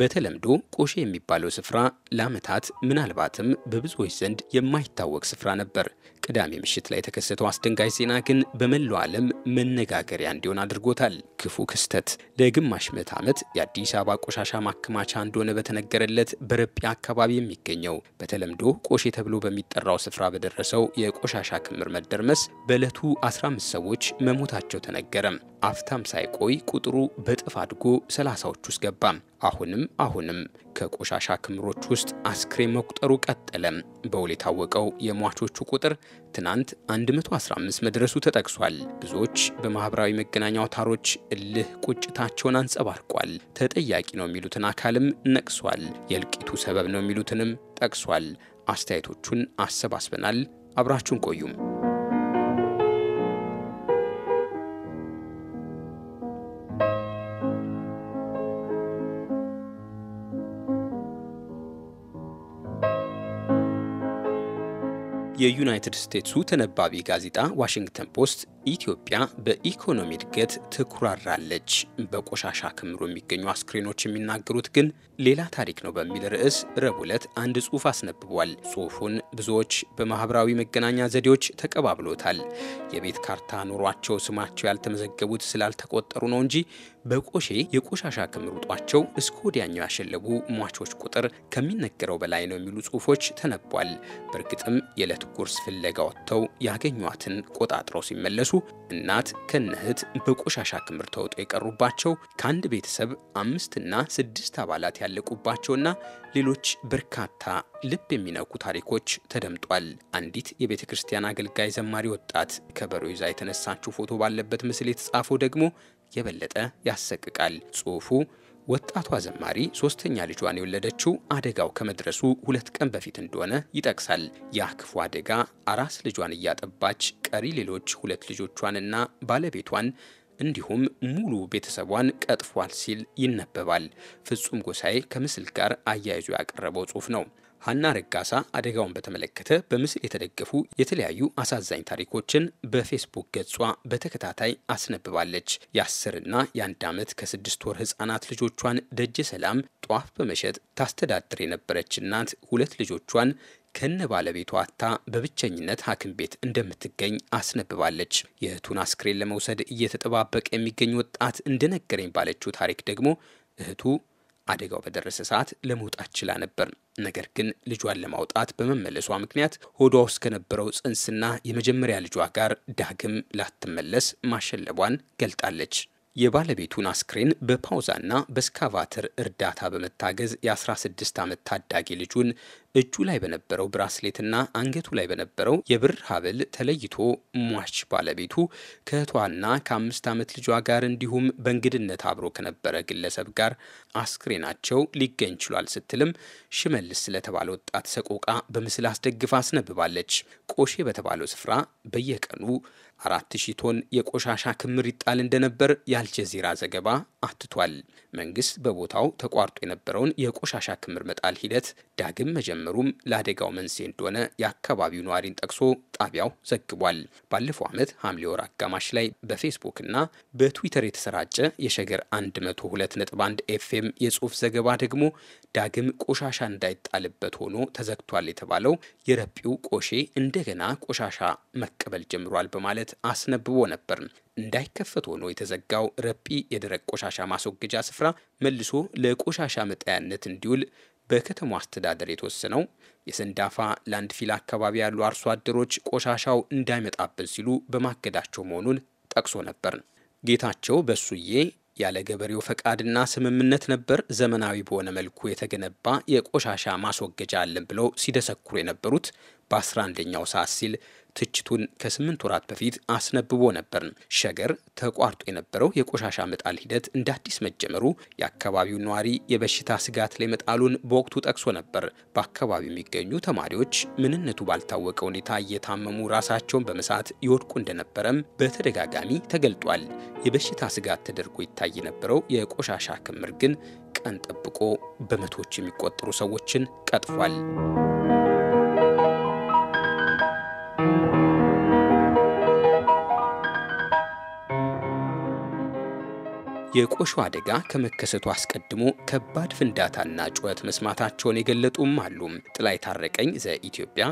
በተለምዶ ቆሼ የሚባለው ስፍራ ለዓመታት ምናልባትም በብዙዎች ዘንድ የማይታወቅ ስፍራ ነበር። ቅዳሜ ምሽት ላይ የተከሰተው አስደንጋጭ ዜና ግን በመላው ዓለም መነጋገሪያ እንዲሆን አድርጎታል። ክፉ ክስተት ለግማሽ ምዕተ ዓመት የአዲስ አበባ ቆሻሻ ማከማቻ እንደሆነ በተነገረለት በረጴ አካባቢ የሚገኘው በተለምዶ ቆሼ ተብሎ በሚጠራው ስፍራ በደረሰው የቆሻሻ ክምር መደርመስ በዕለቱ 15 ሰዎች መሞታቸው ተነገረም። አፍታም ሳይቆይ ቁጥሩ በጥፍ አድጎ ሰላሳዎች ውስጥ ገባም። አሁንም አሁንም ከቆሻሻ ክምሮች ውስጥ አስክሬን መቁጠሩ ቀጠለ። በውል የታወቀው የሟቾቹ ቁጥር ትናንት 115 መድረሱ ተጠቅሷል። ብዙዎች በማህበራዊ መገናኛ አውታሮች እልህ ቁጭታቸውን አንጸባርቋል። ተጠያቂ ነው የሚሉትን አካልም ነቅሷል። የእልቂቱ ሰበብ ነው የሚሉትንም ጠቅሷል። አስተያየቶቹን አሰባስበናል። አብራችሁን ቆዩም የዩናይትድ ስቴትሱ ተነባቢ ጋዜጣ ዋሽንግተን ፖስት ኢትዮጵያ በኢኮኖሚ እድገት ትኩራራለች፣ በቆሻሻ ክምሩ የሚገኙ አስክሬኖች የሚናገሩት ግን ሌላ ታሪክ ነው በሚል ርዕስ ረቡዕ ዕለት አንድ ጽሑፍ አስነብቧል። ጽሑፉን ብዙዎች በማህበራዊ መገናኛ ዘዴዎች ተቀባብሎታል። የቤት ካርታ ኑሯቸው ስማቸው ያልተመዘገቡት ስላልተቆጠሩ ነው እንጂ በቆሼ የቆሻሻ ክምር ውጧቸው እስከ ወዲያኛው ያሸለቡ ሟቾች ቁጥር ከሚነገረው በላይ ነው የሚሉ ጽሑፎች ተነቧል። በእርግጥም የዕለት ጉርስ ፍለጋ ወጥተው ያገኟትን ቆጣጥረው ሲመለሱ እናት ከነህት በቆሻሻ ክምር ተውጦ የቀሩባቸው ከአንድ ቤተሰብ አምስትና ስድስት አባላት ያለቁባቸውና ሌሎች በርካታ ልብ የሚነኩ ታሪኮች ተደምጧል። አንዲት የቤተ ክርስቲያን አገልጋይ ዘማሪ ወጣት ከበሮ ይዛ የተነሳችው ፎቶ ባለበት ምስል የተጻፈው ደግሞ የበለጠ ያሰቅቃል። ጽሑፉ ወጣቷ ዘማሪ ሶስተኛ ልጇን የወለደችው አደጋው ከመድረሱ ሁለት ቀን በፊት እንደሆነ ይጠቅሳል። ያ ክፉ አደጋ አራስ ልጇን እያጠባች ቀሪ ሌሎች ሁለት ልጆቿንና ባለቤቷን እንዲሁም ሙሉ ቤተሰቧን ቀጥፏል ሲል ይነበባል። ፍጹም ጎሳኤ ከምስል ጋር አያይዞ ያቀረበው ጽሑፍ ነው። ሀና ረጋሳ አደጋውን በተመለከተ በምስል የተደገፉ የተለያዩ አሳዛኝ ታሪኮችን በፌስቡክ ገጿ በተከታታይ አስነብባለች። የአስርና የአንድ ዓመት ከስድስት ወር ህጻናት ልጆቿን ደጀ ሰላም ጧፍ በመሸጥ ታስተዳድር የነበረች እናት ሁለት ልጆቿን ከነ ባለቤቷ አታ በብቸኝነት ሐኪም ቤት እንደምትገኝ አስነብባለች። የእህቱን አስክሬን ለመውሰድ እየተጠባበቀ የሚገኝ ወጣት እንደነገረኝ ባለችው ታሪክ ደግሞ እህቱ አደጋው በደረሰ ሰዓት ለመውጣት ችላ ነበር። ነገር ግን ልጇን ለማውጣት በመመለሷ ምክንያት ሆዷ ውስጥ ከነበረው ጽንስና የመጀመሪያ ልጇ ጋር ዳግም ላትመለስ ማሸለቧን ገልጣለች። የባለቤቱን አስክሬን በፓውዛና በስካቫተር እርዳታ በመታገዝ የ16 ዓመት ታዳጊ ልጁን እጁ ላይ በነበረው ብራስሌትና አንገቱ ላይ በነበረው የብር ሀብል ተለይቶ ሟች ባለቤቱ ከእህቷና ከአምስት ዓመት ልጇ ጋር እንዲሁም በእንግድነት አብሮ ከነበረ ግለሰብ ጋር አስክሬናቸው ሊገኝ ችሏል ስትልም ሽመልስ ስለተባለ ወጣት ሰቆቃ በምስል አስደግፋ አስነብባለች። ቆሼ በተባለው ስፍራ በየቀኑ አራት ሺህ ቶን የቆሻሻ ክምር ይጣል እንደነበር የአልጀዚራ ዘገባ አትቷል። መንግስት በቦታው ተቋርጦ የነበረውን የቆሻሻ ክምር መጣል ሂደት ዳግም መጀመሩም ለአደጋው መንስኤ እንደሆነ የአካባቢው ነዋሪን ጠቅሶ ጣቢያው ዘግቧል። ባለፈው ዓመት ሐምሌ ወር አጋማሽ ላይ በፌስቡክ እና በትዊተር የተሰራጨ የሸገር 102.1 ኤፍኤም የጽሑፍ ዘገባ ደግሞ ዳግም ቆሻሻ እንዳይጣልበት ሆኖ ተዘግቷል የተባለው የረጲው ቆሼ እንደገና ቆሻሻ መቀበል ጀምሯል በማለት አስነብቦ ነበር። እንዳይከፈት ሆኖ የተዘጋው ረጲ የደረቅ ቆሻሻ ማስወገጃ ስፍራ መልሶ ለቆሻሻ መጣያነት እንዲውል በከተማ አስተዳደር የተወሰነው የሰንዳፋ ላንድፊል አካባቢ ያሉ አርሶ አደሮች ቆሻሻው እንዳይመጣብን ሲሉ በማገዳቸው መሆኑን ጠቅሶ ነበር። ጌታቸው በሱዬ ያለ ገበሬው ፈቃድና ስምምነት ነበር ዘመናዊ በሆነ መልኩ የተገነባ የቆሻሻ ማስወገጃ አለን ብለው ሲደሰኩሩ የነበሩት በ11ኛው ሰዓት ሲል ትችቱን ከስምንት ወራት በፊት አስነብቦ ነበር። ሸገር ተቋርጦ የነበረው የቆሻሻ መጣል ሂደት እንደ አዲስ መጀመሩ የአካባቢው ነዋሪ የበሽታ ስጋት ላይ መጣሉን በወቅቱ ጠቅሶ ነበር። በአካባቢው የሚገኙ ተማሪዎች ምንነቱ ባልታወቀ ሁኔታ እየታመሙ ራሳቸውን በመሳት ይወድቁ እንደነበረም በተደጋጋሚ ተገልጧል። የበሽታ ስጋት ተደርጎ ይታይ የነበረው የቆሻሻ ክምር ግን ቀን ጠብቆ በመቶዎች የሚቆጠሩ ሰዎችን ቀጥፏል። የቆሾ አደጋ ከመከሰቱ አስቀድሞ ከባድ ፍንዳታና ጩኸት መስማታቸውን የገለጡም አሉ። ጥላይ ታረቀኝ ዘኢትዮጵያ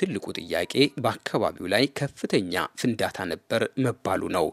ትልቁ ጥያቄ በአካባቢው ላይ ከፍተኛ ፍንዳታ ነበር መባሉ ነው።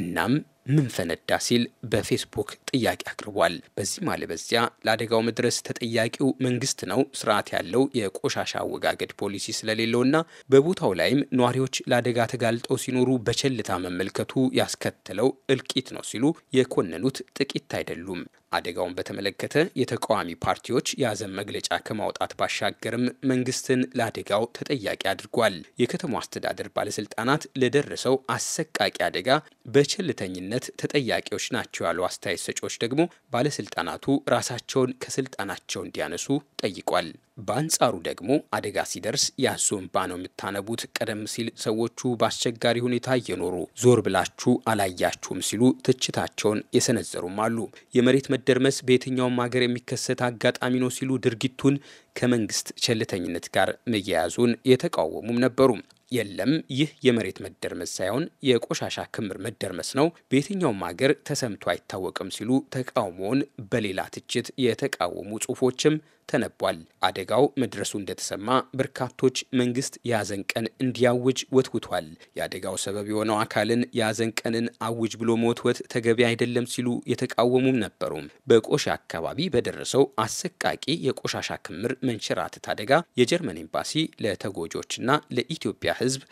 እናም ምን ፈነዳ ሲል በፌስቡክ ጥያቄ አቅርቧል። በዚህም አለበዚያ ለአደጋው መድረስ ተጠያቂው መንግስት ነው፣ ስርዓት ያለው የቆሻሻ አወጋገድ ፖሊሲ ስለሌለውና በቦታው ላይም ነዋሪዎች ለአደጋ ተጋልጠው ሲኖሩ በቸልታ መመልከቱ ያስከተለው እልቂት ነው ሲሉ የኮነኑት ጥቂት አይደሉም። አደጋውን በተመለከተ የተቃዋሚ ፓርቲዎች የሀዘን መግለጫ ከማውጣት ባሻገርም መንግስትን ለአደጋው ተጠያቂ አድርጓል። የከተማው አስተዳደር ባለስልጣናት ለደረሰው አሰቃቂ አደጋ በቸልተኝነት ተጠያቂዎች ናቸው ያሉ አስተያየት ሰጪዎች ደግሞ ባለስልጣናቱ ራሳቸውን ከስልጣናቸው እንዲያነሱ ጠይቋል። በአንጻሩ ደግሞ አደጋ ሲደርስ ያዞንባ ነው የምታነቡት። ቀደም ሲል ሰዎቹ በአስቸጋሪ ሁኔታ እየኖሩ ዞር ብላችሁ አላያችሁም ሲሉ ትችታቸውን የሰነዘሩም አሉ። የመሬት መደርመስ በየትኛውም ሀገር የሚከሰት አጋጣሚ ነው ሲሉ ድርጊቱን ከመንግስት ቸልተኝነት ጋር መያያዙን የተቃወሙም ነበሩ። የለም ይህ የመሬት መደርመስ ሳይሆን የቆሻሻ ክምር መደርመስ ነው፣ በየትኛውም ሀገር ተሰምቶ አይታወቅም ሲሉ ተቃውሞውን በሌላ ትችት የተቃወሙ ጽሁፎችም ተነቧል። አደጋው መድረሱ እንደተሰማ በርካቶች መንግስት ያዘን ቀን እንዲያውጅ ወትውቷል። የአደጋው ሰበብ የሆነው አካልን ያዘን ቀንን አውጅ ብሎ መወትወት ተገቢ አይደለም ሲሉ የተቃወሙም ነበሩ። በቆሻ አካባቢ በደረሰው አሰቃቂ የቆሻሻ ክምር መንሸራተት አደጋ የጀርመን ኤምባሲ ለተጎጂዎችና ለኢትዮጵያ ሕዝብ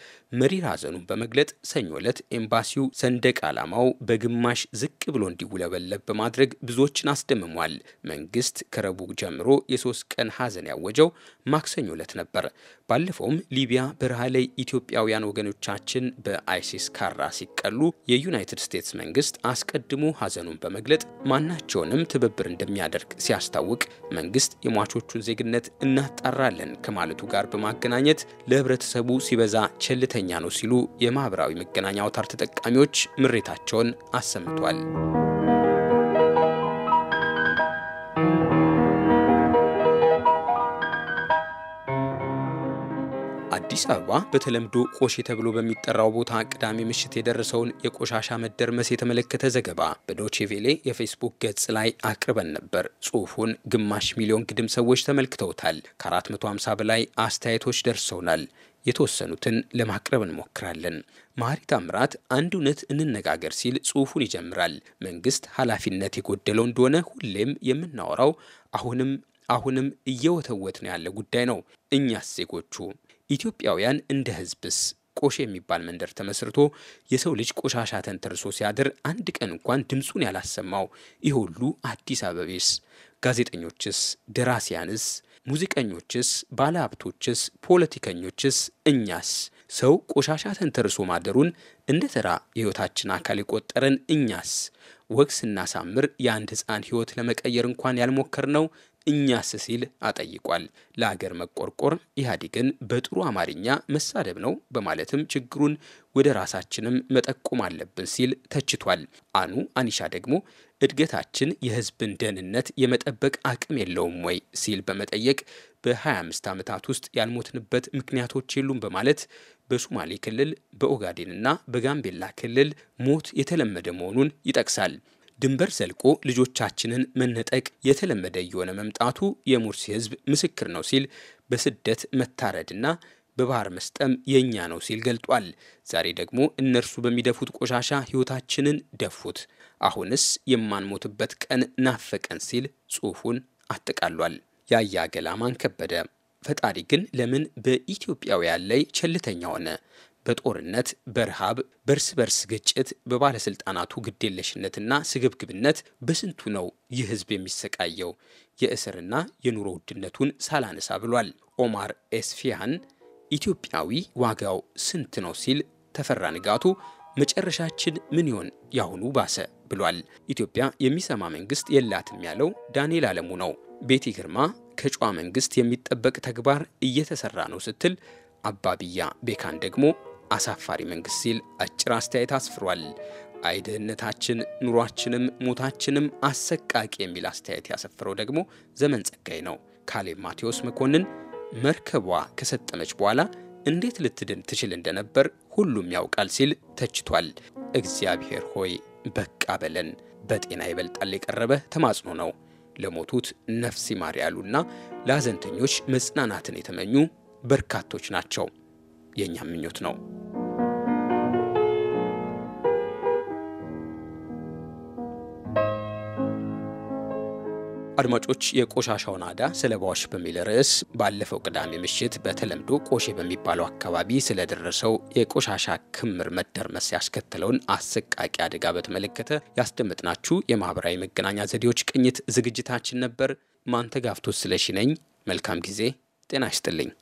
መሪር ሀዘኑን በመግለጥ ሰኞ ዕለት ኤምባሲው ሰንደቅ ዓላማው በግማሽ ዝቅ ብሎ እንዲውለበለብ በማድረግ ብዙዎችን አስደምሟል። መንግስት ከረቡዕ ጀምሮ የሶስት ቀን ሐዘን ያወጀው ማክሰኞ ዕለት ነበር። ባለፈውም ሊቢያ በረሃ ላይ ኢትዮጵያውያን ወገኖቻችን በአይሲስ ካራ ሲቀሉ የዩናይትድ ስቴትስ መንግስት አስቀድሞ ሐዘኑን በመግለጥ ማናቸውንም ትብብር እንደሚያደርግ ሲያስታውቅ መንግስት የሟቾቹን ዜግነት እናጣራለን ከማለቱ ጋር በማገናኘት ለህብረተሰቡ ሲበዛ ቸልተኛ ነው ሲሉ የማህበራዊ መገናኛ አውታር ተጠቃሚዎች ምሬታቸውን አሰምቷል። አዲስ አበባ በተለምዶ ቆሼ ተብሎ በሚጠራው ቦታ ቅዳሜ ምሽት የደረሰውን የቆሻሻ መደርመስ የተመለከተ ዘገባ በዶቼቬሌ የፌስቡክ ገጽ ላይ አቅርበን ነበር። ጽሁፉን ግማሽ ሚሊዮን ግድም ሰዎች ተመልክተውታል። ከ450 በላይ አስተያየቶች ደርሰውናል። የተወሰኑትን ለማቅረብ እንሞክራለን። ማሪ ታምራት አንድ እውነት እንነጋገር ሲል ጽሁፉን ይጀምራል። መንግስት ኃላፊነት የጎደለው እንደሆነ ሁሌም የምናወራው አሁንም አሁንም እየወተወት ነው ያለ ጉዳይ ነው። እኛስ ዜጎቹ ኢትዮጵያውያን እንደ ህዝብስ ቆሼ የሚባል መንደር ተመስርቶ የሰው ልጅ ቆሻሻ ተንተርሶ ሲያድር አንድ ቀን እንኳን ድምፁን ያላሰማው ይህ ሁሉ አዲስ አበቤስ? ጋዜጠኞችስ? ደራሲያንስ? ሙዚቀኞችስ? ባለሀብቶችስ? ፖለቲከኞችስ? እኛስ? ሰው ቆሻሻ ተንተርሶ ማደሩን እንደ ተራ የህይወታችን አካል የቆጠረን እኛስ? ወግ ስናሳምር የአንድ ህፃን ህይወት ለመቀየር እንኳን ነው። እኛስ ሲል አጠይቋል። ለሀገር መቆርቆር ኢህአዴግን በጥሩ አማርኛ መሳደብ ነው በማለትም ችግሩን ወደ ራሳችንም መጠቆም አለብን ሲል ተችቷል። አኑ አኒሻ ደግሞ እድገታችን የህዝብን ደህንነት የመጠበቅ አቅም የለውም ወይ ሲል በመጠየቅ በ25 ዓመታት ውስጥ ያልሞትንበት ምክንያቶች የሉም በማለት በሶማሌ ክልል በኦጋዴንና በጋምቤላ ክልል ሞት የተለመደ መሆኑን ይጠቅሳል። ድንበር ዘልቆ ልጆቻችንን መነጠቅ የተለመደ እየሆነ መምጣቱ የሙርሲ ህዝብ ምስክር ነው ሲል በስደት መታረድና በባህር መስጠም የእኛ ነው ሲል ገልጧል። ዛሬ ደግሞ እነርሱ በሚደፉት ቆሻሻ ሕይወታችንን ደፉት፣ አሁንስ የማንሞትበት ቀን ናፈቀን ሲል ጽሑፉን አጠቃሏል። ያያ ገላማን ከበደ ፈጣሪ ግን ለምን በኢትዮጵያውያን ላይ ቸልተኛ ሆነ? በጦርነት፣ በረሃብ፣ በእርስ በርስ ግጭት፣ በባለስልጣናቱ ግዴለሽነትና ስግብግብነት በስንቱ ነው ይህ ህዝብ የሚሰቃየው? የእስርና የኑሮ ውድነቱን ሳላነሳ ብሏል። ኦማር ኤስፊያን ኢትዮጵያዊ ዋጋው ስንት ነው ሲል ተፈራ ንጋቱ መጨረሻችን ምን ይሆን ያሁኑ ባሰ ብሏል። ኢትዮጵያ የሚሰማ መንግስት የላትም ያለው ዳንኤል አለሙ ነው። ቤቲ ግርማ ከጨዋ መንግስት የሚጠበቅ ተግባር እየተሰራ ነው ስትል አባብያ ቤካን ደግሞ አሳፋሪ መንግስት ሲል አጭር አስተያየት አስፍሯል። አይ ድህነታችን፣ ኑሯችንም፣ ሞታችንም አሰቃቂ የሚል አስተያየት ያሰፈረው ደግሞ ዘመን ጸጋይ ነው። ካሌብ ማቴዎስ መኮንን መርከቧ ከሰጠመች በኋላ እንዴት ልትድን ትችል እንደነበር ሁሉም ያውቃል ሲል ተችቷል። እግዚአብሔር ሆይ በቃ በለን። በጤና ይበልጣል የቀረበ ተማጽኖ ነው። ለሞቱት ነፍስ ይማር ያሉና ለሐዘንተኞች መጽናናትን የተመኙ በርካቶች ናቸው። የእኛም ምኞት ነው። አድማጮች የቆሻሻው ናዳ ሰለባዎች በሚል ርዕስ ባለፈው ቅዳሜ ምሽት በተለምዶ ቆሼ በሚባለው አካባቢ ስለደረሰው የቆሻሻ ክምር መደርመስ ያስከተለውን አሰቃቂ አደጋ በተመለከተ ያስደመጥናችሁ የማህበራዊ መገናኛ ዘዴዎች ቅኝት ዝግጅታችን ነበር። ማንተጋፍቶ ስለሺ ነኝ። መልካም ጊዜ። ጤና ይስጥልኝ።